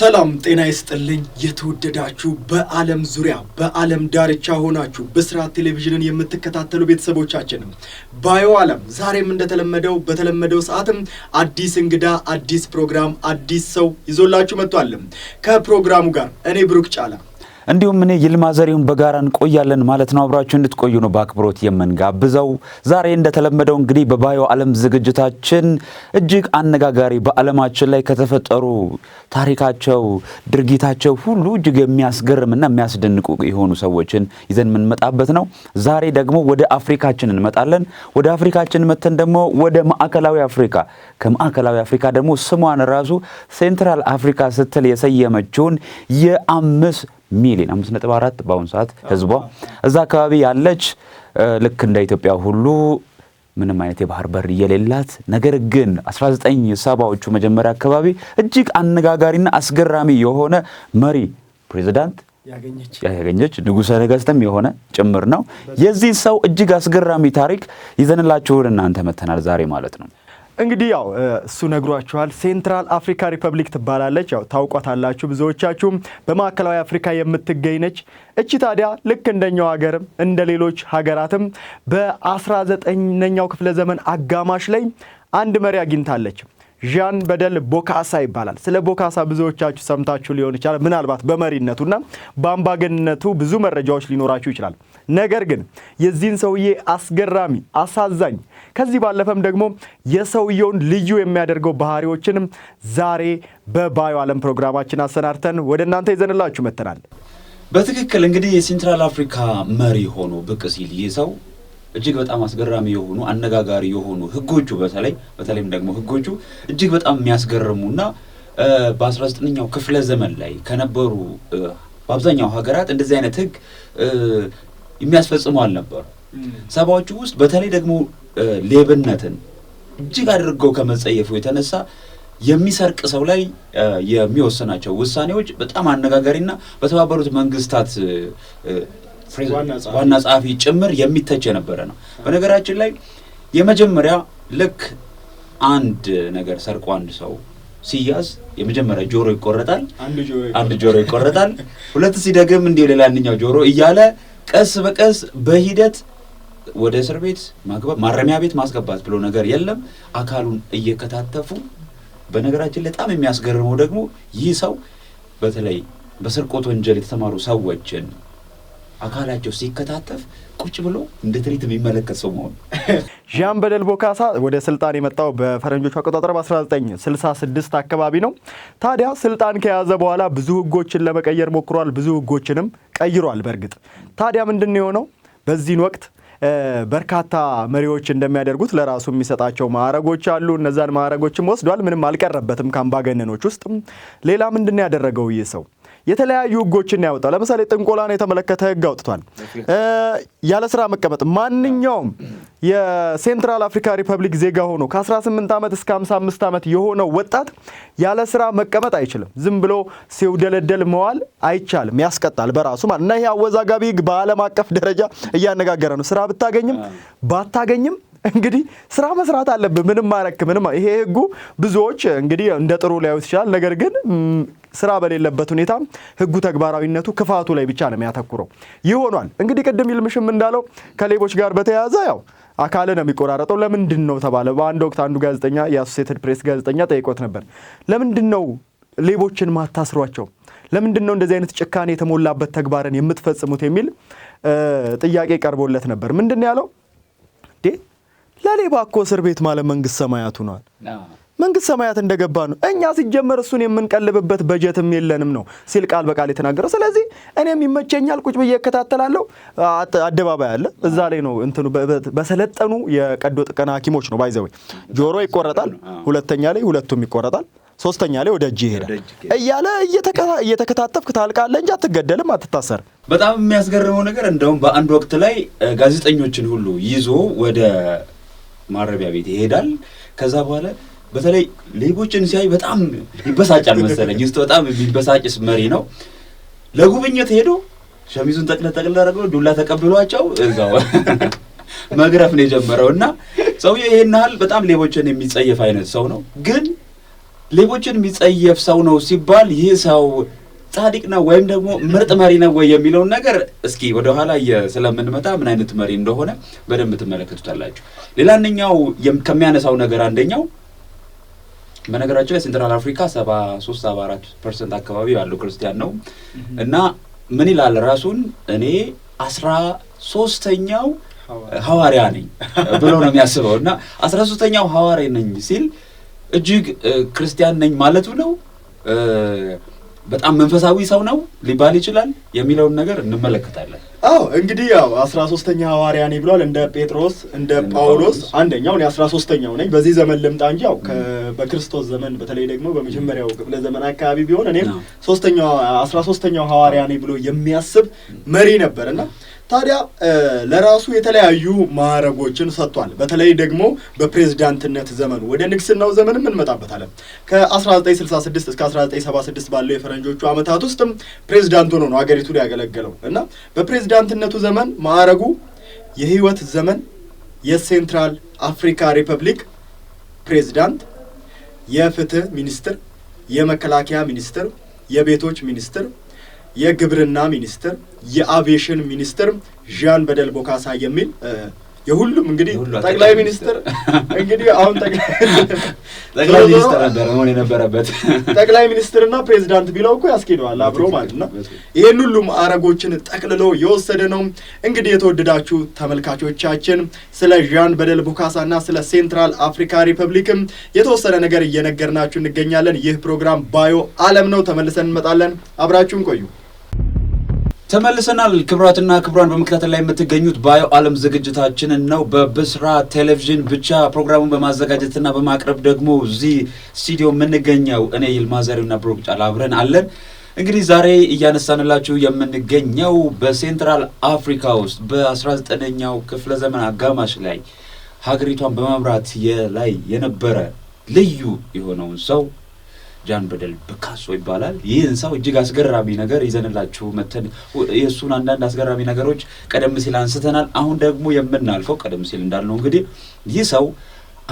ሰላም ጤና ይስጥልኝ። የተወደዳችሁ በዓለም ዙሪያ በዓለም ዳርቻ ሆናችሁ ብስራት ቴሌቪዥንን የምትከታተሉ ቤተሰቦቻችን ባዮ ዓለም ዛሬም እንደተለመደው በተለመደው ሰዓትም አዲስ እንግዳ፣ አዲስ ፕሮግራም፣ አዲስ ሰው ይዞላችሁ መጥቷል። ከፕሮግራሙ ጋር እኔ ብሩክ ጫላ እንዲሁም እኔ ይልማ ዘሪሁን በጋራ እንቆያለን ማለት ነው። አብራችሁ እንድትቆዩ ነው በአክብሮት የምንጋብዘው። ዛሬ እንደተለመደው እንግዲህ በባዮ ዓለም ዝግጅታችን እጅግ አነጋጋሪ በዓለማችን ላይ ከተፈጠሩ ታሪካቸው፣ ድርጊታቸው ሁሉ እጅግ የሚያስገርምና የሚያስደንቁ የሆኑ ሰዎችን ይዘን የምንመጣበት ነው። ዛሬ ደግሞ ወደ አፍሪካችን እንመጣለን። ወደ አፍሪካችን መተን ደግሞ ወደ ማዕከላዊ አፍሪካ ከማዕከላዊ አፍሪካ ደግሞ ስሟን ራሱ ሴንትራል አፍሪካ ስትል የሰየመችውን የአምስት ሚሊዮን አምስት ነጥብ አራት በአሁኑ ሰዓት ህዝቧ እዛ አካባቢ ያለች ልክ እንደ ኢትዮጵያ ሁሉ ምንም አይነት የባህር በር የሌላት ነገር ግን 19 ሰባዎቹ መጀመሪያ አካባቢ እጅግ አነጋጋሪና አስገራሚ የሆነ መሪ ፕሬዚዳንት ያገኘች ንጉሠ ነገሥትም የሆነ ጭምር ነው። የዚህ ሰው እጅግ አስገራሚ ታሪክ ይዘንላችሁን እናንተ መተናል ዛሬ ማለት ነው። እንግዲህ ያው እሱ ነግሯችኋል። ሴንትራል አፍሪካ ሪፐብሊክ ትባላለች። ያው ታውቋታላችሁ ብዙዎቻችሁም። በማዕከላዊ አፍሪካ የምትገኝ ነች። እቺ ታዲያ ልክ እንደኛው ሀገርም እንደ ሌሎች ሀገራትም በ19ኛው ክፍለ ዘመን አጋማሽ ላይ አንድ መሪ አግኝታለች። ዣን በደል ቦካሳ ይባላል። ስለ ቦካሳ ብዙዎቻችሁ ሰምታችሁ ሊሆን ይችላል፣ ምናልባት በመሪነቱና በአምባገንነቱ ብዙ መረጃዎች ሊኖራችሁ ይችላል። ነገር ግን የዚህን ሰውዬ አስገራሚ፣ አሳዛኝ ከዚህ ባለፈም ደግሞ የሰውየውን ልዩ የሚያደርገው ባህሪዎችንም ዛሬ በባዮ ዓለም ፕሮግራማችን አሰናድተን ወደ እናንተ ይዘንላችሁ መጥተናል። በትክክል እንግዲህ የሴንትራል አፍሪካ መሪ ሆኖ ብቅ ሲል ይህ ሰው እጅግ በጣም አስገራሚ የሆኑ አነጋጋሪ የሆኑ ህጎቹ በተለይ በተለይም ደግሞ ህጎቹ እጅግ በጣም የሚያስገርሙና በ19ኛው ክፍለ ዘመን ላይ ከነበሩ በአብዛኛው ሀገራት እንደዚህ አይነት ህግ የሚያስፈጽሙ አልነበሩ። ሰባዎቹ ውስጥ በተለይ ደግሞ ሌብነትን እጅግ አድርገው ከመጸየፉ የተነሳ የሚሰርቅ ሰው ላይ የሚወስናቸው ውሳኔዎች በጣም አነጋጋሪና በተባበሩት መንግስታት ዋና ጸሐፊ ጭምር የሚተች የነበረ ነው። በነገራችን ላይ የመጀመሪያ ልክ አንድ ነገር ሰርቆ አንድ ሰው ሲያዝ የመጀመሪያ ጆሮ ይቆረጣል፣ አንድ ጆሮ ይቆረጣል፣ ሁለት ሲደግም እንዲሁ ሌላኛው ጆሮ እያለ ቀስ በቀስ በሂደት ወደ እስር ቤት ማግባት ማረሚያ ቤት ማስገባት ብሎ ነገር የለም። አካሉን እየከታተፉ በነገራችን ላይ በጣም የሚያስገርመው ደግሞ ይህ ሰው በተለይ በስርቆት ወንጀል የተሰማሩ ሰዎችን አካላቸው ሲከታተፍ ቁጭ ብሎ እንደ ትሪት የሚመለከት ሰው መሆኑ። በደል ቦካሳ ወደ ስልጣን የመጣው በፈረንጆቹ አቆጣጠር በ1966 አካባቢ ነው። ታዲያ ስልጣን ከያዘ በኋላ ብዙ ህጎችን ለመቀየር ሞክሯል። ብዙ ህጎችንም ቀይሯል። በእርግጥ ታዲያ ምንድን ነው የሆነው? በዚህን ወቅት በርካታ መሪዎች እንደሚያደርጉት ለራሱ የሚሰጣቸው ማዕረጎች አሉ። እነዛን ማዕረጎችም ወስዷል። ምንም አልቀረበትም ከአምባገነኖች ውስጥ። ሌላ ምንድን ነው ያደረገው ይህ ሰው? የተለያዩ ህጎችን ያወጣው። ለምሳሌ ጥንቆላን የተመለከተ ህግ አውጥቷል። ያለ ስራ መቀመጥ ማንኛውም የሴንትራል አፍሪካ ሪፐብሊክ ዜጋ ሆኖ ከ18 ዓመት እስከ 55 ዓመት የሆነው ወጣት ያለ ስራ መቀመጥ አይችልም። ዝም ብሎ ሲውደለደል መዋል አይቻልም፣ ያስቀጣል በራሱ ማለት እና ይሄ አወዛጋቢ ህግ በዓለም አቀፍ ደረጃ እያነጋገረ ነው። ስራ ብታገኝም ባታገኝም እንግዲህ ስራ መስራት አለብህ። ምንም አረክ ምንም ይሄ ህጉ ብዙዎች እንግዲህ እንደ ጥሩ ሊያዩት ይችላል። ነገር ግን ስራ በሌለበት ሁኔታ ህጉ ተግባራዊነቱ ክፋቱ ላይ ብቻ ነው የሚያተኩረው ይሆኗል። እንግዲህ ቅድም ይልምሽም እንዳለው ከሌቦች ጋር በተያያዘ ያው አካል ነው የሚቆራረጠው። ለምንድን ነው ተባለ። በአንድ ወቅት አንዱ ጋዜጠኛ የአሶሴትድ ፕሬስ ጋዜጠኛ ጠይቆት ነበር። ለምንድን ነው ሌቦችን ማታስሯቸው? ለምንድን ነው እንደዚህ አይነት ጭካኔ የተሞላበት ተግባርን የምትፈጽሙት? የሚል ጥያቄ ቀርቦለት ነበር። ምንድን ነው ያለው? ለሌባ እኮ እስር ቤት ማለት መንግስት ሰማያቱ ነዋል። መንግስት ሰማያት እንደገባ ነው። እኛ ሲጀመር እሱን የምንቀልብበት በጀትም የለንም ነው ሲል ቃል በቃል የተናገረው። ስለዚህ እኔም ይመቸኛል፣ ቁጭ ብዬ እከታተላለሁ። አደባባይ አለ፣ እዛ ላይ ነው እንትኑ በሰለጠኑ የቀዶ ጥገና ሐኪሞች ነው ባይዘወይ ጆሮ ይቆረጣል፣ ሁለተኛ ላይ ሁለቱም ይቆረጣል ሶስተኛ ላይ ወደ እጅ ይሄዳል እያለ እየተከታተፍክ ታልቃለህ እንጂ አትገደልም፣ አትታሰርም። በጣም የሚያስገርመው ነገር እንደውም በአንድ ወቅት ላይ ጋዜጠኞችን ሁሉ ይዞ ወደ ማረቢያ ቤት ይሄዳል። ከዛ በኋላ በተለይ ሌቦችን ሲያይ በጣም ይበሳጫል መሰለኝ። ውስጥ በጣም የሚበሳጭስ መሪ ነው። ለጉብኝት ሄዶ ሸሚዙን ጠቅለ ጠቅለ አድርገው ዱላ ተቀብሏቸው እዛው መግረፍ ነው የጀመረው እና ሰውዬው ይሄን ያህል በጣም ሌቦችን የሚጸየፍ አይነት ሰው ነው። ግን ሌቦችን የሚጸየፍ ሰው ነው ሲባል ይህ ሰው ጻድቅ ነው ወይም ደግሞ ምርጥ መሪ ነው ወይ የሚለውን ነገር እስኪ ወደኋላ ስለምንመጣ ምን አይነት መሪ እንደሆነ በደንብ ትመለከቱታላችሁ። ሌላኛው ከሚያነሳው ነገር አንደኛው በነገራችን ላይ ሴንትራል አፍሪካ ሰባ ሶስት ሰባ አራት ፐርሰንት አካባቢ ያለው ክርስቲያን ነው እና ምን ይላል ራሱን እኔ አስራ ሶስተኛው ሐዋርያ ነኝ ብሎ ነው የሚያስበው እና አስራ ሶስተኛው ሐዋርያ ነኝ ሲል እጅግ ክርስቲያን ነኝ ማለቱ ነው በጣም መንፈሳዊ ሰው ነው ሊባል ይችላል የሚለውን ነገር እንመለከታለን። አዎ እንግዲህ ያው አስራ ሶስተኛ ሐዋርያ ነኝ ብሏል። እንደ ጴጥሮስ እንደ ጳውሎስ አንደኛው እኔ አስራ ሶስተኛው ነኝ። በዚህ ዘመን ልምጣ እንጂ ያው በክርስቶስ ዘመን በተለይ ደግሞ በመጀመሪያው ክፍለ ዘመን አካባቢ ቢሆን እኔም ሶስተኛው አስራ ሶስተኛው ሐዋርያ ነኝ ብሎ የሚያስብ መሪ ነበር እና ታዲያ ለራሱ የተለያዩ ማዕረጎችን ሰጥቷል። በተለይ ደግሞ በፕሬዝዳንትነት ዘመኑ ወደ ንግስናው ዘመንም እንመጣበታለን። ከ1966 እስከ 1976 ባለው የፈረንጆቹ ዓመታት ውስጥም ፕሬዝዳንቱ ነው ሀገሪቱን ያገለገለው እና በፕሬዝዳንትነቱ ዘመን ማዕረጉ የህይወት ዘመን የሴንትራል አፍሪካ ሪፐብሊክ ፕሬዝዳንት፣ የፍትህ ሚኒስትር፣ የመከላከያ ሚኒስትር፣ የቤቶች ሚኒስትር የግብርና ሚኒስትር፣ የአቪዬሽን ሚኒስትር ዣን በደል ቦካሳ የሚል የሁሉም እንግዲህ ጠቅላይ ሚኒስትር እንግዲህ አሁን ጠቅላይ ሚኒስትር ነበረ መሆን የነበረበት ጠቅላይ ሚኒስትርና ፕሬዚዳንት ቢለው እኮ ያስኬደዋል አብሮ ማለት ነው። ይህን ሁሉም አረጎችን ጠቅልሎ የወሰደ ነው። እንግዲህ የተወደዳችሁ ተመልካቾቻችን ስለ ዣን በደል ቦካሳና ስለ ሴንትራል አፍሪካ ሪፐብሊክም የተወሰነ ነገር እየነገርናችሁ እንገኛለን። ይህ ፕሮግራም ባዮ አለም ነው። ተመልሰን እንመጣለን። አብራችሁን ቆዩ። ተመልሰናል ክብራትና ክብራን በመከታተል ላይ የምትገኙት ባዮ ዓለም ዝግጅታችንን ነው። በብስራ ቴሌቪዥን ብቻ ፕሮግራሙን በማዘጋጀትና በማቅረብ ደግሞ እዚህ ስቱዲዮ የምንገኘው እኔ ይልማ ዘሪሁንና ብሩክ ጫላ አብረን አለን። እንግዲህ ዛሬ እያነሳንላችሁ የምንገኘው በሴንትራል አፍሪካ ውስጥ በ19ኛው ክፍለ ዘመን አጋማሽ ላይ ሀገሪቷን በመምራት ላይ የነበረ ልዩ የሆነውን ሰው ጃን በደል ብካሶ ይባላል። ይህን ሰው እጅግ አስገራሚ ነገር ይዘንላችሁ መተን የእሱን አንዳንድ አስገራሚ ነገሮች ቀደም ሲል አንስተናል። አሁን ደግሞ የምናልፈው ቀደም ሲል እንዳልነው እንግዲህ ይህ ሰው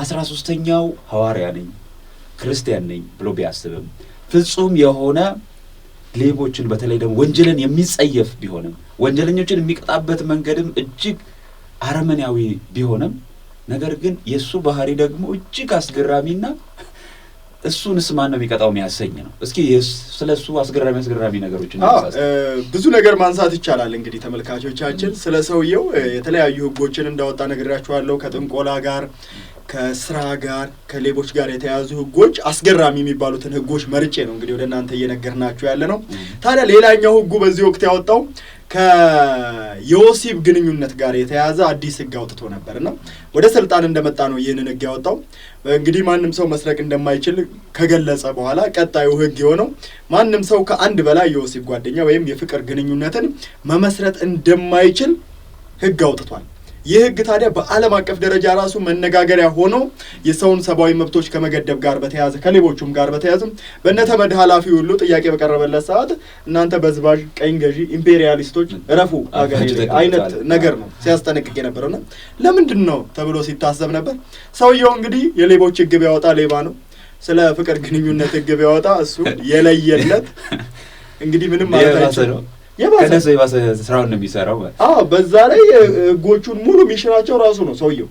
አስራ ሶስተኛው ሐዋርያ ነኝ ክርስቲያን ነኝ ብሎ ቢያስብም ፍጹም የሆነ ሌቦችን በተለይ ደግሞ ወንጀልን የሚጸየፍ ቢሆንም ወንጀለኞችን የሚቀጣበት መንገድም እጅግ አረመኔያዊ ቢሆንም ነገር ግን የእሱ ባህሪ ደግሞ እጅግ አስገራሚና እሱንስ ማን ነው የሚቀጣው የሚያሰኝ ነው። እስኪ ስለ እሱ አስገራሚ አስገራሚ ነገሮች ብዙ ነገር ማንሳት ይቻላል። እንግዲህ ተመልካቾቻችን ስለ ሰውየው የተለያዩ ህጎችን እንዳወጣ ነግሬያችኋለሁ። ከጥንቆላ ጋር፣ ከስራ ጋር፣ ከሌቦች ጋር የተያዙ ህጎች አስገራሚ የሚባሉትን ህጎች መርጬ ነው እንግዲህ ወደ እናንተ እየነገርናችሁ ያለ ነው። ታዲያ ሌላኛው ህጉ በዚህ ወቅት ያወጣው ከዮሴፍ ግንኙነት ጋር የተያያዘ አዲስ ህግ አውጥቶ ነበር እና ወደ ስልጣን እንደመጣ ነው ይህንን ህግ ያወጣው። እንግዲህ ማንም ሰው መስረቅ እንደማይችል ከገለጸ በኋላ ቀጣዩ ህግ የሆነው ማንም ሰው ከአንድ በላይ የወሲብ ጓደኛ ወይም የፍቅር ግንኙነትን መመስረት እንደማይችል ህግ አውጥቷል። ይህ ህግ ታዲያ በዓለም አቀፍ ደረጃ ራሱ መነጋገሪያ ሆኖ የሰውን ሰብአዊ መብቶች ከመገደብ ጋር በተያያዘ ከሌቦቹም ጋር በተያያዘ በነተመድ ኃላፊ ሁሉ ጥያቄ በቀረበለት ሰዓት እናንተ በዝባዥ ቀኝ ገዢ ኢምፔሪያሊስቶች እረፉ አገሬ አይነት ነገር ነው ሲያስጠነቅቅ የነበረውና ለምንድን ነው ተብሎ ሲታሰብ ነበር። ሰውየው እንግዲህ የሌቦች ህግ ቢያወጣ ሌባ ነው። ስለ ፍቅር ግንኙነት ህግ ቢያወጣ እሱ የለየለት እንግዲህ ምንም ማለት አይችልም። ከነሱ የባሰ ስራውን ነው የሚሰራው። በዛ ላይ ህጎቹን ሙሉ የሚሽራቸው ራሱ ነው ሰውየው።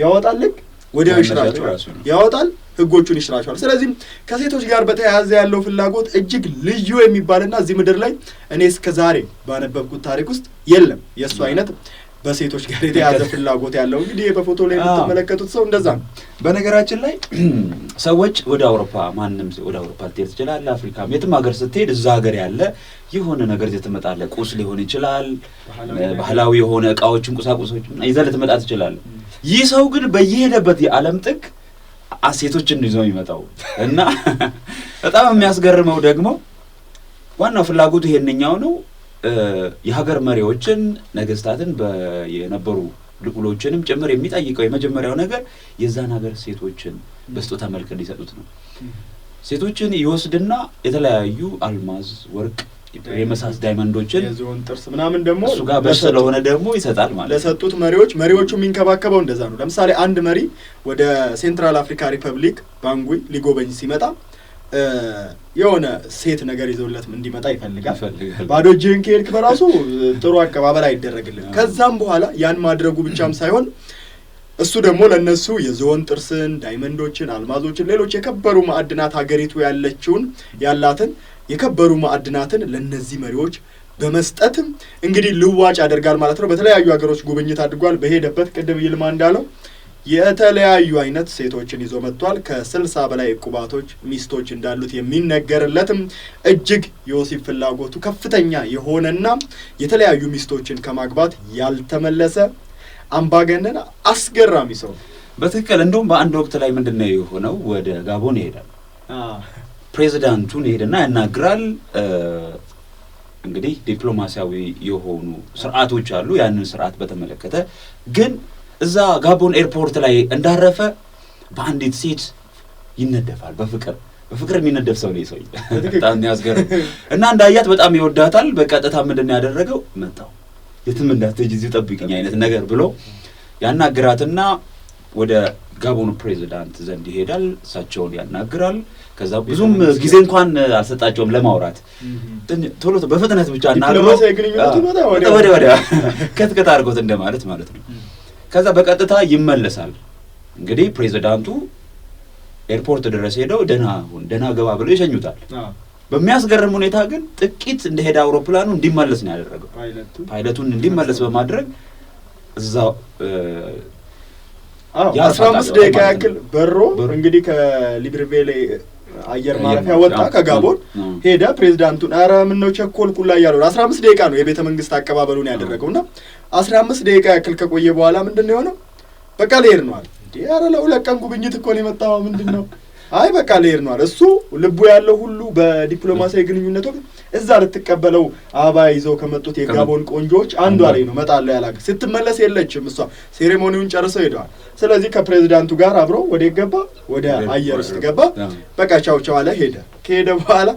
ያወጣል፣ ልክ ወዲያው ይሽራቸው ያወጣል፣ ህጎቹን ይሽራቸዋል። ስለዚህም ከሴቶች ጋር በተያያዘ ያለው ፍላጎት እጅግ ልዩ የሚባልና እዚህ ምድር ላይ እኔ እስከ ዛሬ ባነበብኩት ታሪክ ውስጥ የለም የእሱ አይነት በሴቶች ጋር የተያዘ ፍላጎት ያለው እንግዲህ በፎቶ ላይ የምትመለከቱት ሰው እንደዛ ነው። በነገራችን ላይ ሰዎች ወደ አውሮፓ ማንም ወደ አውሮፓ ልትሄድ ትችላለህ፣ አፍሪካም የትም ሀገር ስትሄድ እዛ ሀገር ያለ የሆነ ነገር ይዘህ ትመጣለህ። ቁስ ሊሆን ይችላል፣ ባህላዊ የሆነ እቃዎችን፣ ቁሳቁሶች ይዘህ ልትመጣ ትችላለህ። ይህ ሰው ግን በየሄደበት የዓለም ጥግ ሴቶችን ይዞ የሚመጣው እና በጣም የሚያስገርመው ደግሞ ዋናው ፍላጎቱ ይሄንኛው ነው። የሀገር መሪዎችን ነገስታትን የነበሩ ልዑሎችንም ጭምር የሚጠይቀው የመጀመሪያው ነገር የዛን ሀገር ሴቶችን በስጦታ መልክ እንዲሰጡት ነው። ሴቶችን ይወስድና የተለያዩ አልማዝ፣ ወርቅ የመሳስ ዳይመንዶችን የዝሆን ጥርስ ምናምን ደግሞ እሱ ጋር በሽ ስለሆነ ደግሞ ይሰጣል ማለት ለሰጡት መሪዎች። መሪዎቹ የሚንከባከበው እንደዛ ነው። ለምሳሌ አንድ መሪ ወደ ሴንትራል አፍሪካ ሪፐብሊክ ባንጉይ ሊጎበኝ ሲመጣ የሆነ ሴት ነገር ይዞለትም እንዲመጣ ይፈልጋል። ባዶ እጅህን ከሄድክ በራሱ ጥሩ አቀባበል አይደረግልን ከዛም በኋላ ያን ማድረጉ ብቻም ሳይሆን እሱ ደግሞ ለእነሱ የዝሆን ጥርስን፣ ዳይመንዶችን፣ አልማዞችን፣ ሌሎች የከበሩ ማዕድናት ሀገሪቱ ያለችውን ያላትን የከበሩ ማዕድናትን ለእነዚህ መሪዎች በመስጠት እንግዲህ ልዋጭ ያደርጋል ማለት ነው። በተለያዩ ሀገሮች ጉብኝት አድርጓል። በሄደበት ቅድም ይልማ እንዳለው የተለያዩ አይነት ሴቶችን ይዞ መጥቷል። ከስልሳ በላይ ቁባቶች ሚስቶች እንዳሉት የሚነገርለትም እጅግ ዮሴፍ ፍላጎቱ ከፍተኛ የሆነና የተለያዩ ሚስቶችን ከማግባት ያልተመለሰ አምባገነን አስገራሚ ሰው በትክክል እንደውም በአንድ ወቅት ላይ ምንድን ነው የሆነው? ወደ ጋቦን ይሄዳል። ፕሬዚዳንቱን ይሄድና ያናግራል። እንግዲህ ዲፕሎማሲያዊ የሆኑ ስርዓቶች አሉ። ያንን ስርዓት በተመለከተ ግን እዛ ጋቦን ኤርፖርት ላይ እንዳረፈ በአንዲት ሴት ይነደፋል። በፍቅር በፍቅር የሚነደፍ ሰው ነው ሰው። በጣም የሚያስገርም እና እንዳያት በጣም ይወዳታል። በቀጥታ ምንድን ያደረገው? መጣው የትም እንዳትሄጂ እዚሁ ጠብቂኝ አይነት ነገር ብሎ ያናግራትና ወደ ጋቦኑ ፕሬዚዳንት ዘንድ ይሄዳል። እሳቸውን ያናግራል። ከዛ ብዙም ጊዜ እንኳን አልሰጣቸውም ለማውራት፣ ቶሎ በፍጥነት ብቻ እናግሮ ወደ ወዲያ ከትከት አድርጎት እንደማለት ማለት ነው። ከዛ በቀጥታ ይመለሳል። እንግዲህ ፕሬዚዳንቱ ኤርፖርት ድረስ ሄደው ደህና ሁን ደህና ገባ ብለው ይሸኙታል። በሚያስገርም ሁኔታ ግን ጥቂት እንደሄደ አውሮፕላኑ እንዲመለስ ነው ያደረገው። ፓይለቱን እንዲመለስ በማድረግ እዛው አስራ አምስት ደቂቃ ያክል በሮ እንግዲህ ከሊብርቬል አየር ማረፊያ ወጣ። ከጋቦን ሄደ ፕሬዚዳንቱን ኧረ ምነው ቸኮልኩላ እያሉ አስራ አምስት ደቂቃ ነው የቤተ መንግስት አቀባበሉን ያደረገው እና አስራ አምስት ደቂቃ ያክል ከቆየ በኋላ ምንድን ነው የሆነው? በቃ ልሄድ ነዋል። እንዲ እንዴ ኧረ ለሁለት ቀን ጉብኝት እኮ ነው የመጣው ምንድን ነው? አይ በቃ ልሄድ ነዋል። እሱ ልቡ ያለው ሁሉ በዲፕሎማሲያዊ ግንኙነቱ እዛ ልትቀበለው አበባ ይዘው ከመጡት የጋቦን ቆንጆዎች አንዷ ላይ ነው መጣለው ያላ ስትመለስ የለችም እሷ። ሴሬሞኒውን ጨርሰው ሄደዋል። ስለዚህ ከፕሬዚዳንቱ ጋር አብረው ወደ ገባ ወደ አየር ውስጥ ገባ። በቃ ቻው ቻው አለ ሄደ። ከሄደ በኋላ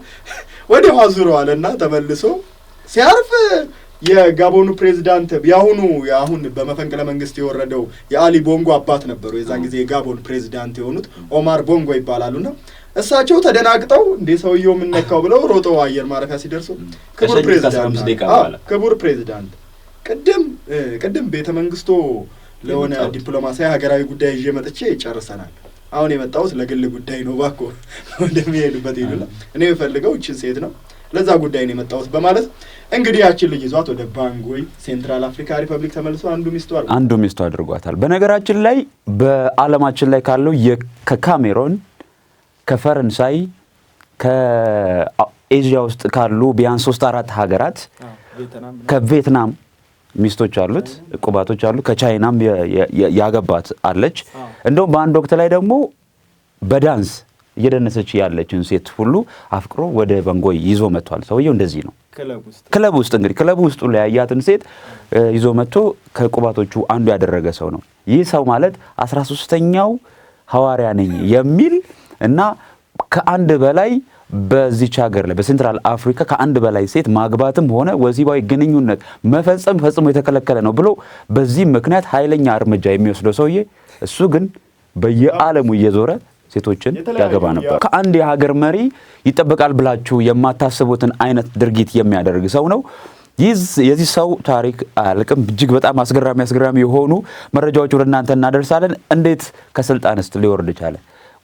ወደ ውሃ ዙረዋል እና ተመልሶ ሲያርፍ የጋቦኑ ፕሬዚዳንት የአሁኑ አሁን በመፈንቅለ መንግስት የወረደው የአሊ ቦንጎ አባት ነበሩ። የዛን ጊዜ የጋቦን ፕሬዚዳንት የሆኑት ኦማር ቦንጎ ይባላሉና እሳቸው ተደናግጠው እንዴ ሰውየው የምነካው ብለው ሮጠው አየር ማረፊያ ሲደርሱ ክቡር ፕሬዚዳንት ክቡር ፕሬዚዳንት ቅድም ቅድም ቤተ መንግስቶ ለሆነ ዲፕሎማሲያዊ ሀገራዊ ጉዳይ ይዤ መጥቼ ጨርሰናል። አሁን የመጣሁት ለግል ጉዳይ ነው፣ እባክዎ ወደሚሄዱበት ይሉና እኔ የፈልገው እችን ሴት ነው ለዛ ጉዳይ ነው የመጣሁት በማለት እንግዲህ ያችን ልጅ ይዟት ወደ ባንጉይ ሴንትራል አፍሪካ ሪፐብሊክ ተመልሶ አንዱ ሚስቱ አንዱ ሚስቱ አድርጓታል። በነገራችን ላይ በዓለማችን ላይ ካለው ከካሜሮን ከፈረንሳይ ከኤዥያ ውስጥ ካሉ ቢያንስ ሶስት አራት ሀገራት ከቪየትናም ሚስቶች አሉት፣ ቁባቶች አሉ። ከቻይናም ያገባት አለች። እንደውም በአንድ ወቅት ላይ ደግሞ በዳንስ እየደነሰች ያለችን ሴት ሁሉ አፍቅሮ ወደ በንጎይ ይዞ መጥቷል። ሰውየው እንደዚህ ነው። ክለብ ውስጥ እንግዲህ ክለብ ውስጡ ያያትን ሴት ይዞ መጥቶ ከቁባቶቹ አንዱ ያደረገ ሰው ነው። ይህ ሰው ማለት አስራ ሶስተኛው ሐዋርያ ነኝ የሚል እና ከአንድ በላይ በዚች ሀገር ላይ በሴንትራል አፍሪካ ከአንድ በላይ ሴት ማግባትም ሆነ ወሲባዊ ግንኙነት መፈጸም ፈጽሞ የተከለከለ ነው ብሎ በዚህ ምክንያት ኃይለኛ እርምጃ የሚወስደው ሰውዬ እሱ ግን በየዓለሙ እየዞረ ሴቶችን ያገባ ነበር። ከአንድ የሀገር መሪ ይጠበቃል ብላችሁ የማታስቡትን አይነት ድርጊት የሚያደርግ ሰው ነው። የዚህ ሰው ታሪክ አልቅም። እጅግ በጣም አስገራሚ አስገራሚ የሆኑ መረጃዎች ወደ እናንተ እናደርሳለን። እንዴት ስጥ ሊወርድ ቻለ?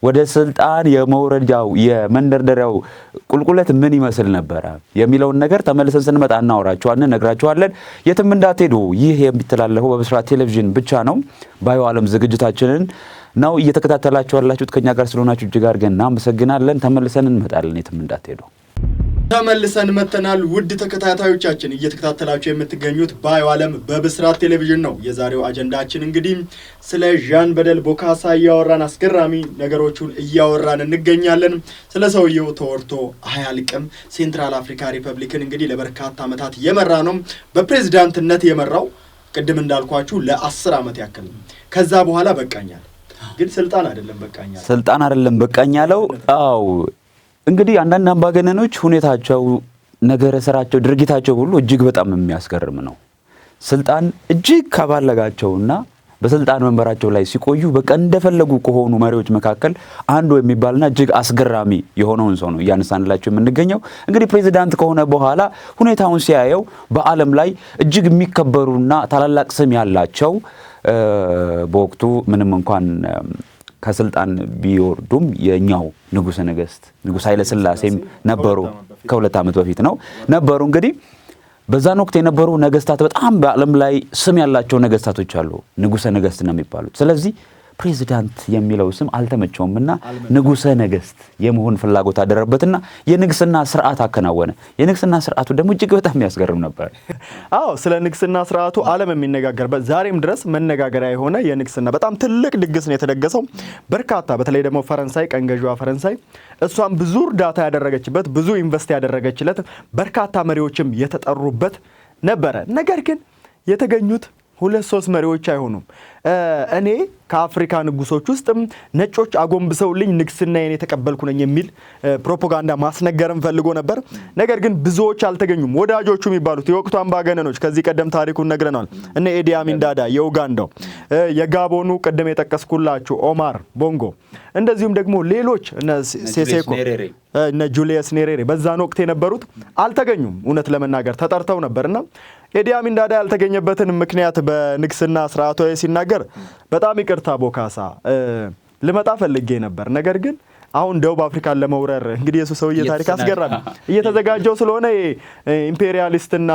ወደ ስልጣን የመውረጃው የመንደርደሪያው ቁልቁለት ምን ይመስል ነበረ የሚለውን ነገር ተመልሰን ስንመጣ እናወራችኋለን፣ እነግራችኋለን። የትም እንዳትሄዱ። ይህ የሚተላለፈው በብስራት ቴሌቪዥን ብቻ ነው። ባዩ ዓለም ዝግጅታችንን ነው እየተከታተላችሁ ያላችሁት። ከኛ ጋር ስለሆናችሁ እጅግ አድርገን እናመሰግናለን። ተመልሰን እንመጣለን። የትም እንዳትሄዱ። ተመልሰን መተናል። ውድ ተከታታዮቻችን እየተከታተላችሁ የምትገኙት ባዩ ዓለም በብስራት ቴሌቪዥን ነው። የዛሬው አጀንዳችን እንግዲህ ስለ ዣን በደል ቦካሳ እያወራን አስገራሚ ነገሮቹን እያወራን እንገኛለን። ስለ ሰውየው ተወርቶ አያልቅም። ሴንትራል አፍሪካ ሪፐብሊክን እንግዲህ ለበርካታ ዓመታት የመራ ነው። በፕሬዝዳንትነት የመራው ቅድም እንዳልኳችሁ ለአስር ዓመት ያክል ከዛ በኋላ በቃኛል ግን ስልጣን አይደለም በቃኛ ስልጣን አይደለም ያለው። አው እንግዲህ አንዳንድ አምባገነኖች ሁኔታቸው፣ ነገረ ስራቸው፣ ድርጊታቸው ሁሉ እጅግ በጣም የሚያስገርም ነው። ስልጣን እጅግ ካባለጋቸውና በስልጣን መንበራቸው ላይ ሲቆዩ በቃ እንደፈለጉ ከሆኑ መሪዎች መካከል አንዱ የሚባልና እጅግ አስገራሚ የሆነውን ሰው ነው እያነሳንላቸው የምንገኘው። እንግዲህ ፕሬዚዳንት ከሆነ በኋላ ሁኔታውን ሲያየው በአለም ላይ እጅግ የሚከበሩና ታላላቅ ስም ያላቸው በወቅቱ ምንም እንኳን ከስልጣን ቢወርዱም የእኛው ንጉሠ ነገሥት ንጉሥ ኃይለስላሴም ነበሩ። ከሁለት ዓመት በፊት ነው ነበሩ። እንግዲህ በዛን ወቅት የነበሩ ነገስታት በጣም በዓለም ላይ ስም ያላቸው ነገስታቶች አሉ። ንጉሰ ነገስት ነው የሚባሉት። ስለዚህ ፕሬዚዳንት የሚለው ስም አልተመቸውም እና ንጉሰ ነገስት የመሆን ፍላጎት አደረበትና የንግስና ስርዓት አከናወነ። የንግስና ስርዓቱ ደግሞ እጅግ በጣም የሚያስገርም ነበር። አዎ ስለ ንግስና ስርዓቱ ዓለም የሚነጋገርበት ዛሬም ድረስ መነጋገሪያ የሆነ የንግስና በጣም ትልቅ ድግስ ነው የተደገሰው። በርካታ በተለይ ደግሞ ፈረንሳይ ቀኝ ገዥዋ ፈረንሳይ እሷም ብዙ እርዳታ ያደረገችበት ብዙ ኢንቨስት ያደረገችለት በርካታ መሪዎችም የተጠሩበት ነበረ። ነገር ግን የተገኙት ሁለት ሶስት መሪዎች አይሆኑም። እኔ ከአፍሪካ ንጉሶች ውስጥም ነጮች አጎንብሰውልኝ ንግስናዬን የተቀበልኩ ነኝ የሚል ፕሮፓጋንዳ ማስነገርም ፈልጎ ነበር። ነገር ግን ብዙዎች አልተገኙም። ወዳጆቹ የሚባሉት የወቅቱ አምባገነኖች ከዚህ ቀደም ታሪኩን ነግረናል። እነ ኤዲ አሚን ዳዳ የኡጋንዳው፣ የጋቦኑ ቅድም የጠቀስኩላችሁ ኦማር ቦንጎ፣ እንደዚሁም ደግሞ ሌሎች ሴሴኮ እነ ጁሊየስ ኔሬሬ በዛን ወቅት የነበሩት አልተገኙም። እውነት ለመናገር ተጠርተው ነበርና ቴዲ ሚንዳዳ ያልተገኘበትን ምክንያት በንግስና ስርዓቷ ሲናገር በጣም ይቅርታ ቦካሳ ልመጣ ፈልጌ ነበር፣ ነገር ግን አሁን ደቡብ አፍሪካን ለመውረር እንግዲህ የሱ ሰውዬ ታሪክ አስገራሚ እየተዘጋጀው ስለሆነ ኢምፔሪያሊስትና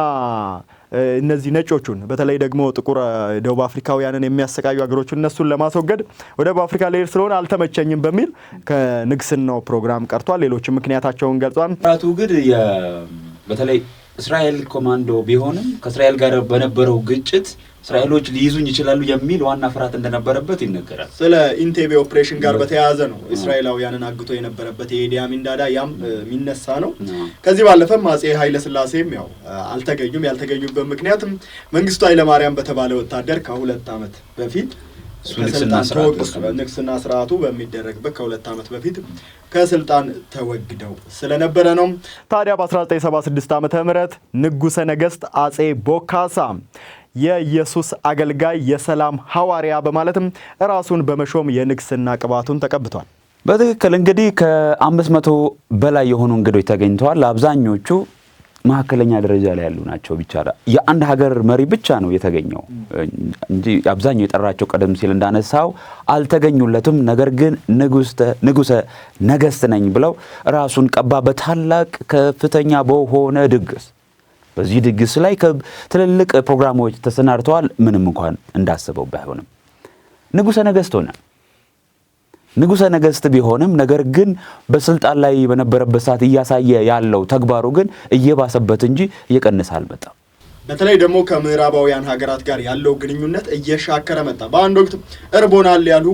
እነዚህ ነጮቹን በተለይ ደግሞ ጥቁር ደቡብ አፍሪካውያንን የሚያሰቃዩ ሀገሮቹን እነሱን ለማስወገድ ወደ ደቡብ አፍሪካ ልሄድ ስለሆነ አልተመቸኝም በሚል ከንግስናው ፕሮግራም ቀርቷል። ሌሎችም ምክንያታቸውን ገልጿል። ግን በተለይ እስራኤል ኮማንዶ ቢሆንም ከእስራኤል ጋር በነበረው ግጭት እስራኤሎች ሊይዙኝ ይችላሉ የሚል ዋና ፍርሃት እንደነበረበት ይነገራል። ስለ ኢንቴቤ ኦፕሬሽን ጋር በተያያዘ ነው እስራኤላውያንን አግቶ የነበረበት የኤልያሚን ዳዳ ያም የሚነሳ ነው። ከዚህ ባለፈም አጼ ኃይለ ስላሴም ያው አልተገኙም። ያልተገኙበት ምክንያትም መንግስቱ ኃይለማርያም በተባለ ወታደር ከሁለት ዓመት በፊት ንግስና ስርዓቱ በሚደረግበት ከሁለት ዓመት በፊት ከስልጣን ተወግደው ስለነበረ ነው። ታዲያ በ1976 ዓ ም ንጉሰ ነገስት አጼ ቦካሳ የኢየሱስ አገልጋይ የሰላም ሐዋርያ በማለትም ራሱን በመሾም የንግስና ቅባቱን ተቀብቷል። በትክክል እንግዲህ ከአምስት መቶ በላይ የሆኑ እንግዶች ተገኝተዋል። አብዛኞቹ መካከለኛ ደረጃ ላይ ያሉ ናቸው ብቻ የአንድ ሀገር መሪ ብቻ ነው የተገኘው እንጂ አብዛኛው የጠራቸው ቀደም ሲል እንዳነሳው አልተገኙለትም። ነገር ግን ንጉሰ ነገስት ነኝ ብለው ራሱን ቀባ በታላቅ ከፍተኛ በሆነ ድግስ። በዚህ ድግስ ላይ ትልልቅ ፕሮግራሞች ተሰናድተዋል። ምንም እንኳን እንዳሰበው ባይሆንም ንጉሰ ነገስት ሆነ። ንጉሠ ነገሥት ቢሆንም ነገር ግን በስልጣን ላይ በነበረበት ሰዓት እያሳየ ያለው ተግባሩ ግን እየባሰበት እንጂ እየቀነሰ አልመጣም። በተለይ ደግሞ ከምዕራባውያን ሀገራት ጋር ያለው ግንኙነት እየሻከረ መጣ። በአንድ ወቅት እርቦናል ያሉ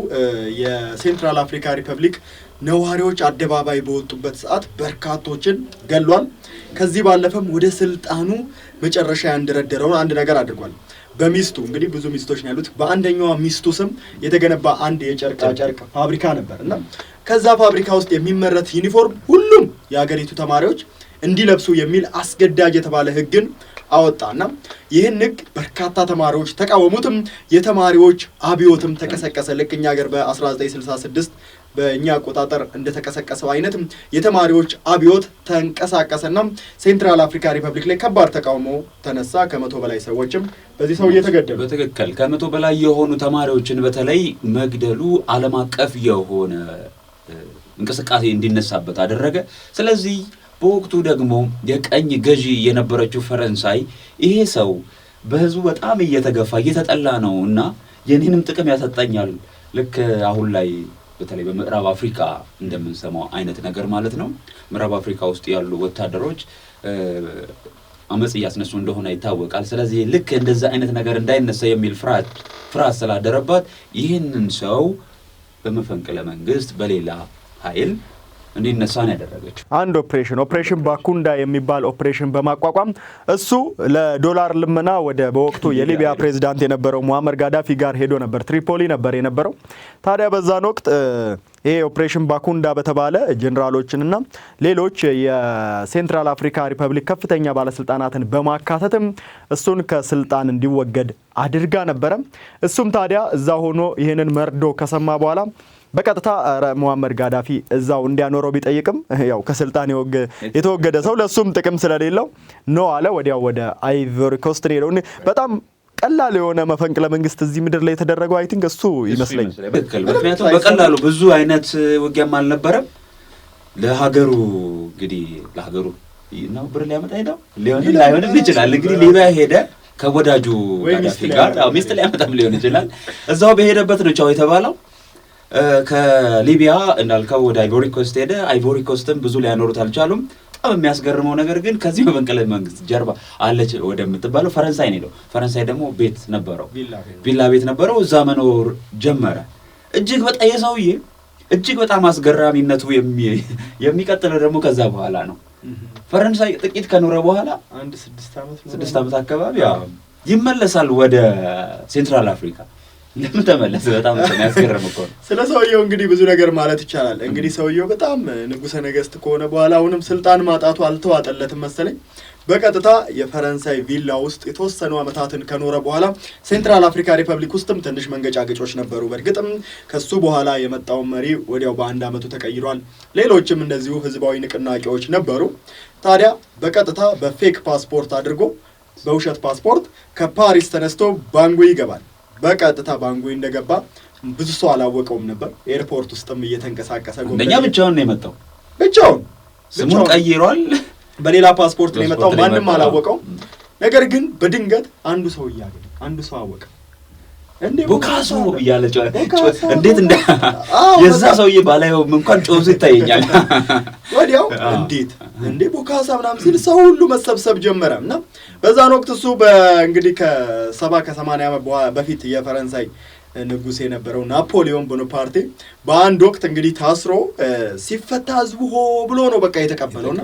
የሴንትራል አፍሪካ ሪፐብሊክ ነዋሪዎች አደባባይ በወጡበት ሰዓት በርካቶችን ገሏል። ከዚህ ባለፈም ወደ ስልጣኑ መጨረሻ ያንደረደረውን አንድ ነገር አድርጓል። በሚስቱ እንግዲህ ብዙ ሚስቶች ነው ያሉት። በአንደኛዋ ሚስቱ ስም የተገነባ አንድ የጨርቃ ጨርቅ ፋብሪካ ነበር እና ከዛ ፋብሪካ ውስጥ የሚመረት ዩኒፎርም ሁሉም የሀገሪቱ ተማሪዎች እንዲለብሱ የሚል አስገዳጅ የተባለ ሕግን አወጣና ይህን ህግ በርካታ ተማሪዎች ተቃወሙትም፣ የተማሪዎች አብዮትም ተቀሰቀሰ። ልክ እኛ ሀገር በ1966 በእኛ አቆጣጠር እንደተቀሰቀሰው አይነት የተማሪዎች አብዮት ተንቀሳቀሰና ሴንትራል አፍሪካ ሪፐብሊክ ላይ ከባድ ተቃውሞ ተነሳ። ከመቶ በላይ ሰዎችም በዚህ ሰው እየተገደሉ በትክክል ከመቶ በላይ የሆኑ ተማሪዎችን በተለይ መግደሉ ዓለም አቀፍ የሆነ እንቅስቃሴ እንዲነሳበት አደረገ። ስለዚህ በወቅቱ ደግሞ የቀኝ ገዢ የነበረችው ፈረንሳይ ይሄ ሰው በህዝቡ በጣም እየተገፋ እየተጠላ ነው እና የኔንም ጥቅም ያሰጠኛል ልክ አሁን ላይ በተለይ በምዕራብ አፍሪካ እንደምንሰማው አይነት ነገር ማለት ነው። ምዕራብ አፍሪካ ውስጥ ያሉ ወታደሮች አመፅ እያስነሱ እንደሆነ ይታወቃል። ስለዚህ ልክ እንደዛ አይነት ነገር እንዳይነሳ የሚል ፍርሃት ስላደረባት ይህንን ሰው በመፈንቅለ መንግስት በሌላ ኃይል እንዲነሳን ያደረገችው አንድ ኦፕሬሽን ኦፕሬሽን ባኩንዳ የሚባል ኦፕሬሽን በማቋቋም እሱ ለዶላር ልመና ወደ በወቅቱ የሊቢያ ፕሬዚዳንት የነበረው ሙአመር ጋዳፊ ጋር ሄዶ ነበር። ትሪፖሊ ነበር የነበረው። ታዲያ በዛን ወቅት ይሄ ኦፕሬሽን ባኩንዳ በተባለ ጀኔራሎችንና ሌሎች የሴንትራል አፍሪካ ሪፐብሊክ ከፍተኛ ባለስልጣናትን በማካተትም እሱን ከስልጣን እንዲወገድ አድርጋ ነበረ። እሱም ታዲያ እዛ ሆኖ ይህንን መርዶ ከሰማ በኋላ በቀጥታ ሙሐመድ ጋዳፊ እዛው እንዲያኖረው ቢጠይቅም ያው ከስልጣን የተወገደ ሰው ለሱም ጥቅም ስለሌለው ኖ አለ። ወዲያው ወደ አይቮሪ ኮስት ነው የሄደው። በጣም ቀላል የሆነ መፈንቅለ መንግስት እዚህ ምድር ላይ የተደረገው አይ ቲንክ እሱ ይመስለኝ። ምክንያቱም በቀላሉ ብዙ አይነት ውጊያም አልነበረም። ለሀገሩ እንግዲህ ለሀገሩ ነው ብር ሊያመጣ ሄደው ሊሆን ላይሆንም ይችላል። እንግዲህ ሊባ ሄደ ከወዳጁ ጋዳፊ ጋር ሚስት ሊያመጣም ሊሆን ይችላል። እዛው በሄደበት ነው ቻው የተባለው ከሊቢያ እንዳልከው ወደ አይቮሪኮስት ሄደ። አይቮሪኮስትም ብዙ ሊያኖሩት አልቻሉም። በጣም የሚያስገርመው ነገር ግን ከዚህ በመንቀለ መንግስት ጀርባ አለች ወደምትባለው ፈረንሳይ ነው የሄደው። ፈረንሳይ ደግሞ ቤት ነበረው፣ ቪላ ቤት ነበረው። እዛ መኖር ጀመረ። እጅግ በጣም የሰውዬ እጅግ በጣም አስገራሚነቱ የሚቀጥለው ደግሞ ከዛ በኋላ ነው። ፈረንሳይ ጥቂት ከኖረ በኋላ አንድ ስድስት ዓመት አካባቢ ይመለሳል ወደ ሴንትራል አፍሪካ ለምን ተመለሰ? በጣም የሚያስገርም እኮ ነው። ስለ ሰውየው እንግዲህ ብዙ ነገር ማለት ይቻላል። እንግዲህ ሰውየው በጣም ንጉሰ ነገስት ከሆነ በኋላ አሁንም ስልጣን ማጣቱ አልተዋጠለትም መሰለኝ። በቀጥታ የፈረንሳይ ቪላ ውስጥ የተወሰኑ ዓመታትን ከኖረ በኋላ ሴንትራል አፍሪካ ሪፐብሊክ ውስጥም ትንሽ መንገጫገጮች ነበሩ። በእርግጥም ከሱ በኋላ የመጣውን መሪ ወዲያው በአንድ ዓመቱ ተቀይሯል። ሌሎችም እንደዚሁ ህዝባዊ ንቅናቄዎች ነበሩ። ታዲያ በቀጥታ በፌክ ፓስፖርት አድርጎ በውሸት ፓስፖርት ከፓሪስ ተነስቶ ባንጉ ይገባል። በቀጥታ ባንጉ እንደገባ ብዙ ሰው አላወቀውም ነበር። ኤርፖርት ውስጥም እየተንቀሳቀሰ አንደኛ ብቻውን ነው የመጣው። ብቻውን ስሙን ቀይሯል። በሌላ ፓስፖርት ነው የመጣው። ማንም አላወቀው። ነገር ግን በድንገት አንዱ ሰው እያገኘ አንዱ ሰው አወቀው። ቡካሶ እያለ እንዴት እንደ የዛ ሰውዬ ባላየውም እንኳን ጮሱ ይታየኛል። ወዲያው እንዴት እንዴ ቡካሳ ምናምን ሲል ሰው ሁሉ መሰብሰብ ጀመረ እና በዛን ወቅት እሱ እንግዲህ ከሰባ ከሰማንያ ዓመት በፊት የፈረንሳይ ንጉሥ የነበረው ናፖሊዮን ቦኖፓርቴ በአንድ ወቅት እንግዲህ ታስሮ ሲፈታ ህዝቡ ሆ ብሎ ነው በቃ የተቀበለው ና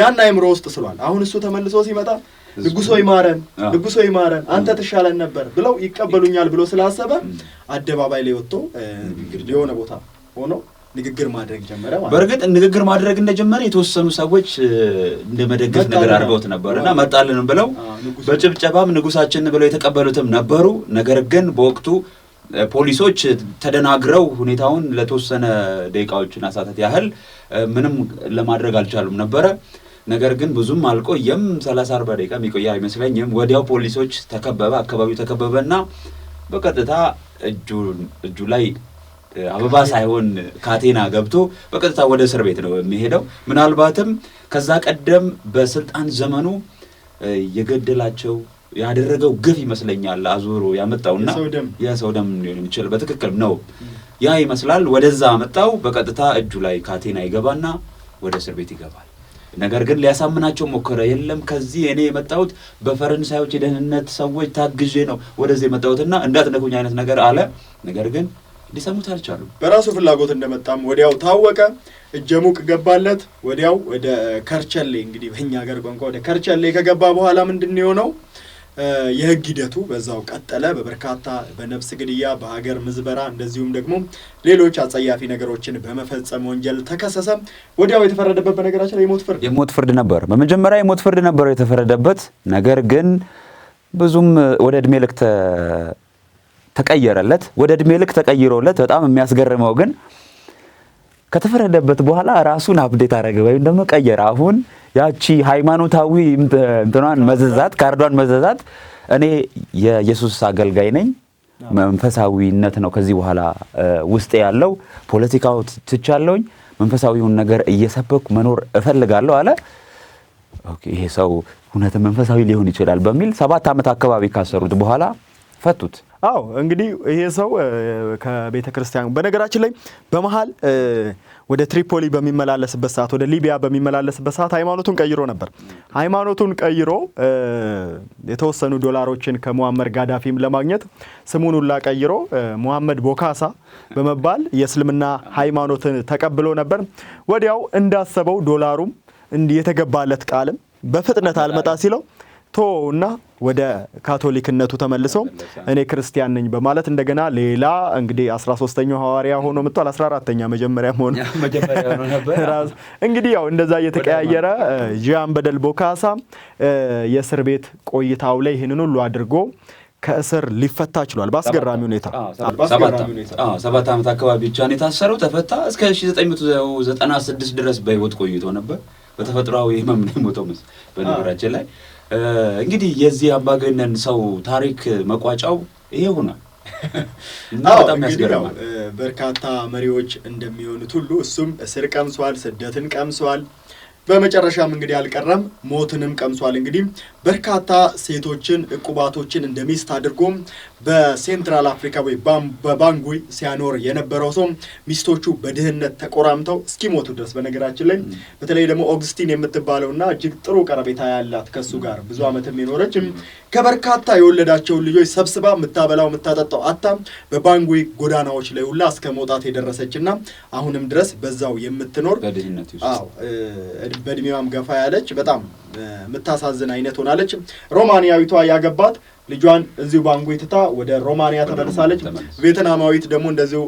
ያን አይምሮ ውስጥ ስሏል። አሁን እሱ ተመልሶ ሲመጣ ንጉሶ ይማረን፣ ንጉሶ ይማረን፣ አንተ ትሻለን ነበር ብለው ይቀበሉኛል ብሎ ስላሰበ አደባባይ ላይ ወጥቶ የሆነ ቦታ ሆኖ ንግግር ማድረግ ጀመረ። በእርግጥ ንግግር ማድረግ እንደጀመረ የተወሰኑ ሰዎች እንደ መደገፍ ነገር አድርገውት ነበር እና መጣልንም ብለው በጭብጨባም ንጉሳችን ብለው የተቀበሉትም ነበሩ። ነገር ግን በወቅቱ ፖሊሶች ተደናግረው ሁኔታውን ለተወሰነ ደቂቃዎችና ሰዓታት ያህል ምንም ለማድረግ አልቻሉም ነበረ። ነገር ግን ብዙም አልቆየም። ሰላሳ አርባ ደቂቃ የሚቆየ አይመስለኝም። ወዲያው ፖሊሶች ተከበበ፣ አካባቢው ተከበበና በቀጥታ እጁ ላይ አበባ ሳይሆን ካቴና ገብቶ በቀጥታ ወደ እስር ቤት ነው የሚሄደው። ምናልባትም ከዛ ቀደም በስልጣን ዘመኑ የገደላቸው ያደረገው ግፍ ይመስለኛል አዙሮ ያመጣውና የሰው ደም ሊሆን የሚችል በትክክል ነው ያ ይመስላል። ወደዛ አመጣው። በቀጥታ እጁ ላይ ካቴና ይገባና ወደ እስር ቤት ይገባል። ነገር ግን ሊያሳምናቸው ሞከረ። የለም ከዚህ እኔ የመጣሁት በፈረንሳዮች የደህንነት ሰዎች ታግዤ ነው ወደዚህ የመጣሁትና እንዳትነኩኝ አይነት ነገር አለ። ነገር ግን ሊሰሙት አልቻሉ። በራሱ ፍላጎት እንደመጣም ወዲያው ታወቀ። እጀሙቅ ገባለት። ወዲያው ወደ ከርቸሌ እንግዲህ በእኛ ሀገር ቋንቋ ወደ ከርቸሌ ከገባ በኋላ ምንድን የሆነው የህግ ሂደቱ በዛው ቀጠለ። በበርካታ በነፍስ ግድያ፣ በሀገር ምዝበራ እንደዚሁም ደግሞ ሌሎች አጸያፊ ነገሮችን በመፈጸም ወንጀል ተከሰሰ። ወዲያው የተፈረደበት በነገራችን ላይ የሞት ፍርድ የሞት ፍርድ ነበር። በመጀመሪያ የሞት ፍርድ ነበር የተፈረደበት። ነገር ግን ብዙም ወደ እድሜ ልክ ተቀየረለት። ወደ እድሜ ልክ ተቀይሮለት በጣም የሚያስገርመው ግን ከተፈረደበት በኋላ ራሱን አብዴት አደረገ ወይም ደግሞ ቀየረ አሁን ያቺ ሃይማኖታዊ እንትኗን መዘዛት ካርዷን መዘዛት እኔ የኢየሱስ አገልጋይ ነኝ መንፈሳዊነት ነው ከዚህ በኋላ ውስጥ ያለው ፖለቲካው ትቻለውኝ መንፈሳዊውን ነገር እየሰበኩ መኖር እፈልጋለሁ አለ። ይሄ ሰው እውነት መንፈሳዊ ሊሆን ይችላል በሚል ሰባት ዓመት አካባቢ ካሰሩት በኋላ ፈቱት። አዎ እንግዲህ ይሄ ሰው ከቤተ ክርስቲያን በነገራችን ላይ በመሀል ወደ ትሪፖሊ በሚመላለስበት ሰዓት ወደ ሊቢያ በሚመላለስበት ሰዓት ሃይማኖቱን ቀይሮ ነበር። ሃይማኖቱን ቀይሮ የተወሰኑ ዶላሮችን ከሙአመር ጋዳፊም ለማግኘት ስሙን ሁላ ቀይሮ ሙሐመድ ቦካሳ በመባል የእስልምና ሃይማኖትን ተቀብሎ ነበር። ወዲያው እንዳሰበው ዶላሩም የተገባለት ቃልም በፍጥነት አልመጣ ሲለው ቶ እና ወደ ካቶሊክነቱ ተመልሶ እኔ ክርስቲያን ነኝ በማለት እንደገና ሌላ እንግዲህ 13ኛው ሐዋርያ ሆኖ መጥቷል። ኛ መጀመሪያ ሆኖ እንግዲህ ያው እንደዛ እየተቀያየረ ዣን በደል ቦካሳ የእስር ቤት ቆይታው ላይ ይህንን ሁሉ አድርጎ ከእስር ሊፈታ ችሏል። በአስገራሚ ሁኔታ ሰባት ዓመት አካባቢ ብቻ ነው የታሰረው። ተፈታ። እስከ 1996 ድረስ በህይወት ቆይቶ ነበር። በተፈጥሯዊ ህመም ነው የሞተው። በነገራችን ላይ እንግዲህ የዚህ አምባገነን ሰው ታሪክ መቋጫው ይሄ ሆኗል። ያስገርማል። በርካታ መሪዎች እንደሚሆኑት ሁሉ እሱም እስር ቀምሷል፣ ስደትን ቀምሷል። በመጨረሻም እንግዲህ አልቀረም ሞትንም ቀምሷል። እንግዲህ በርካታ ሴቶችን እቁባቶችን እንደሚስት አድርጎም በሴንትራል አፍሪካ ወይ በባንጉይ ሲያኖር የነበረው ሰው ሚስቶቹ በድህነት ተቆራምተው እስኪሞቱ ድረስ በነገራችን ላይ በተለይ ደግሞ ኦግስቲን የምትባለውና እጅግ ጥሩ ቀረቤታ ያላት ከሱ ጋር ብዙ ዓመትም የኖረች ከበርካታ የወለዳቸውን ልጆች ሰብስባ የምታበላው የምታጠጣው አታ በባንጉይ ጎዳናዎች ላይ ሁላ እስከ መውጣት የደረሰችና አሁንም ድረስ በዛው የምትኖር በእድሜዋም ገፋ ያለች በጣም የምታሳዝን አይነት ሆናለች። ሮማንያዊቷ ያገባት ልጇን እዚሁ ባንጉይ ትታ ወደ ሮማንያ ተመልሳለች። ቬትናማዊት ደግሞ እንደዚሁ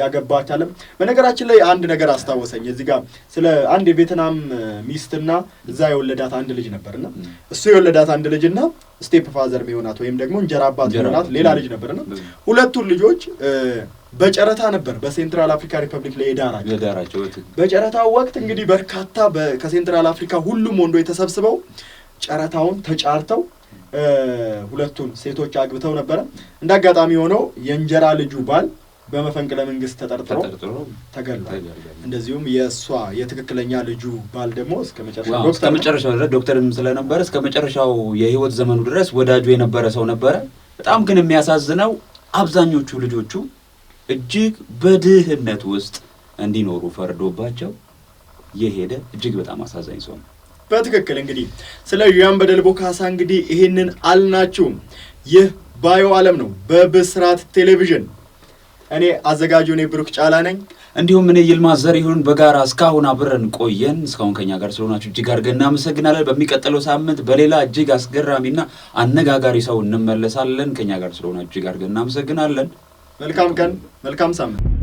ያገባች አለም። በነገራችን ላይ አንድ ነገር አስታወሰኝ እዚህ ጋር ስለ አንድ የቬትናም ሚስትና እዛ የወለዳት አንድ ልጅ ነበርና እሱ የወለዳት አንድ ልጅና ስቴፕ ፋዘር የሚሆናት ወይም ደግሞ እንጀራ አባት የሚሆናት ሌላ ልጅ ነበርና ሁለቱን ልጆች በጨረታ ነበር በሴንትራል አፍሪካ ሪፐብሊክ ላይ የዳራቸው። በጨረታው ወቅት እንግዲህ በርካታ ከሴንትራል አፍሪካ ሁሉም ወንዶች ተሰብስበው ጨረታውን ተጫርተው ሁለቱን ሴቶች አግብተው ነበረ። እንደ አጋጣሚ ሆነው የእንጀራ ልጁ ባል በመፈንቅለ መንግስት ተጠርጥሮ ተገሏል። እንደዚሁም የእሷ የትክክለኛ ልጁ ባል ደግሞ እስከ መጨረሻው ድረስ ዶክተርም ስለነበረ እስከ መጨረሻው የህይወት ዘመኑ ድረስ ወዳጁ የነበረ ሰው ነበረ። በጣም ግን የሚያሳዝነው አብዛኞቹ ልጆቹ እጅግ በድህነት ውስጥ እንዲኖሩ ፈርዶባቸው የሄደ እጅግ በጣም አሳዛኝ ሰው ነው። በትክክል እንግዲህ ስለ ዩያን በደልቦ ካሳ እንግዲህ ይህንን አልናችሁም። ይህ ባዮ ዓለም ነው በብስራት ቴሌቪዥን። እኔ አዘጋጁ እኔ ብሩክ ጫላ ነኝ። እንዲሁም እኔ ይልማ ዘሪሁን በጋራ እስካሁን አብረን ቆየን። እስካሁን ከኛ ጋር ስለሆናችሁ እጅግ አድርገን እናመሰግናለን። በሚቀጥለው ሳምንት በሌላ እጅግ አስገራሚና አነጋጋሪ ሰው እንመለሳለን። ከኛ ጋር ስለሆናችሁ እጅግ አድርገን እናመሰግናለን። መልካም ቀን፣ መልካም ሳምንት